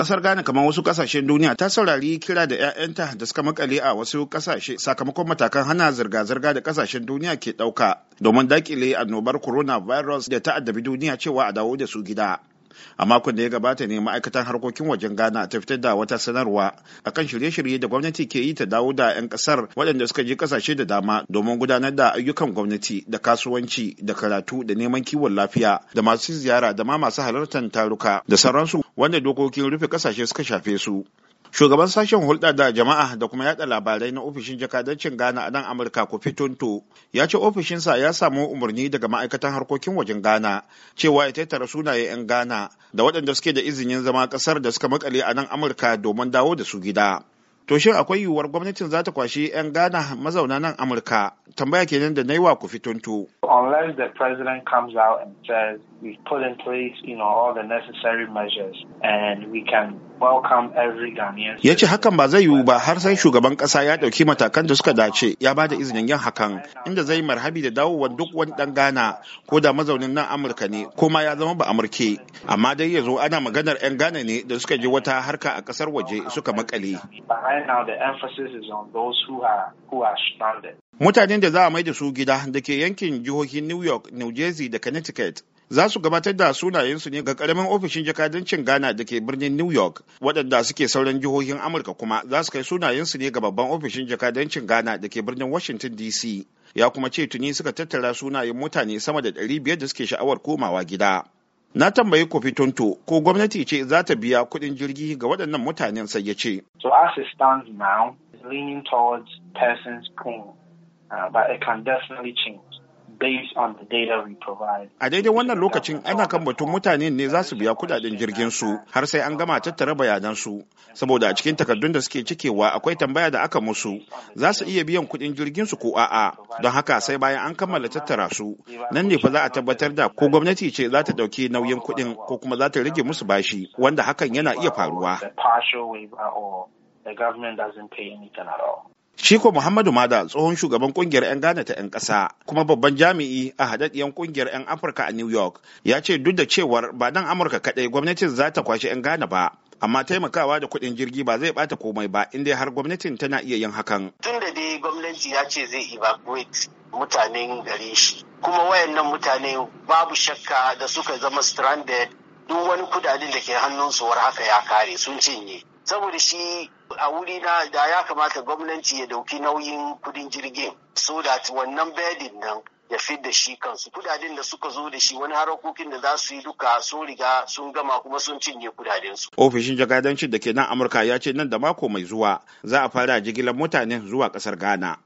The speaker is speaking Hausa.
kasar ghana kamar wasu kasashen duniya ta saurari kira da 'ya'yanta da suka makale a wasu kasashe sakamakon matakan hana zirga-zirga da kasashen duniya ke ɗauka domin dakile annobar coronavirus da ta addabi duniya cewa a dawo da su gida a makon da ya gabata ne ma'aikatan harkokin wajen ghana ta fitar da wata sanarwa akan shirye-shirye da gwamnati ke yi ta dawo da 'yan kasar waɗanda suka je kasashe da dama domin gudanar da ayyukan gwamnati da kasuwanci da karatu da neman kiwon lafiya da masu ziyara da ma masu halartar taruka da sauransu wanda dokokin rufe kasashe suka shafe su shugaban sashen hulɗa da jama'a da kuma yada labarai na ofishin jakadancin ghana a nan amurka kofi tonto ya ce ofishinsa ya samu umarni daga ma'aikatan harkokin wajen ghana cewa ya tattara sunaye 'yan ghana da waɗanda suke da izinin zama ƙasar da suka makale a nan amurka domin dawo da su gida To shin akwai yiwuwar gwamnatin za ta kwashi 'yan Ghana mazauna nan Amurka? Tambaya kenan da naiwa ku fitonto. Unless the president comes out and says we in place, you know, and we can welcome every Ya ce hakan ba zai yiwu ba har sai shugaban ƙasa ya ɗauki matakan da suka dace ya ba da izinin yin hakan inda zai marhabi da dawowar duk wani ɗan Ghana ko da mazaunin nan Amurka ne ko ma ya zama ba Amurke. Amma dai ya zo ana maganar 'yan Ghana ne da suka ji wata harka a ƙasar waje suka makale. right now the emphasis is on those who are who are stranded. Mutanen da za a mai da su gida da ke yankin jihohin New York, New Jersey da Connecticut za su gabatar da sunayensu ne ga karamin ofishin jakadancin Ghana da ke birnin New York, waɗanda suke sauran jihohin Amurka kuma za su kai sunayensu ne ga babban ofishin jakadancin Ghana da ke birnin Washington DC. Ya kuma ce tuni suka tattara sunayen mutane sama da 500 da suke sha'awar komawa gida. Na tambayi Kofi Tonto ko gwamnati ce za ta biya kuɗin jirgi ga waɗannan mutanen sai ya ce. So as it stands now, leaning towards persons pool, uh, but it can definitely change. A daidai wannan lokacin ana kan batun mutane ne za su biya kudaden jirgin su har sai an gama tattara bayanan su saboda a cikin takardun da suke cikewa akwai tambaya da aka musu za su iya biyan kudin jirgin su ko a'a don haka sai bayan an kammala tattara su nan ne fa za a tabbatar da ko gwamnati ce za ta dauki nauyin kudin ko kuma za ta rage musu bashi wanda hakan yana iya faruwa. The government doesn't pay anything Shiko Muhammadu Mada tsohon shugaban kungiyar 'yan Ghana ta 'yan ƙasa kuma babban jami'i a haɗaɗɗiyar kungiyar 'yan Afirka a New York ya ce duk da cewar ba dan Amurka kaɗai gwamnatin za ta kwashe 'yan Ghana ba. Amma taimakawa da kuɗin jirgi ba zai bata komai ba inda har gwamnatin tana iya yin hakan. Tun da dai gwamnati ya ce zai evacuate mutanen gare shi kuma wayannan mutane babu shakka da suka zama stranded duk wani kudaden da ke hannunsu war haka ya kare sun cinye. saboda shi a wuri na da ya kamata gwamnati ya dauki nauyin kudin jirgin so that wannan bedin nan ya fi da shi kansu kudaden da suka zo da shi wani harakokin da za su yi duka sun riga sun gama kuma sun cinye kudaden su. Ofishin jakadancin da ke nan Amurka ya ce nan da mako mai zuwa za a fara jigilar mutanen zuwa kasar Ghana.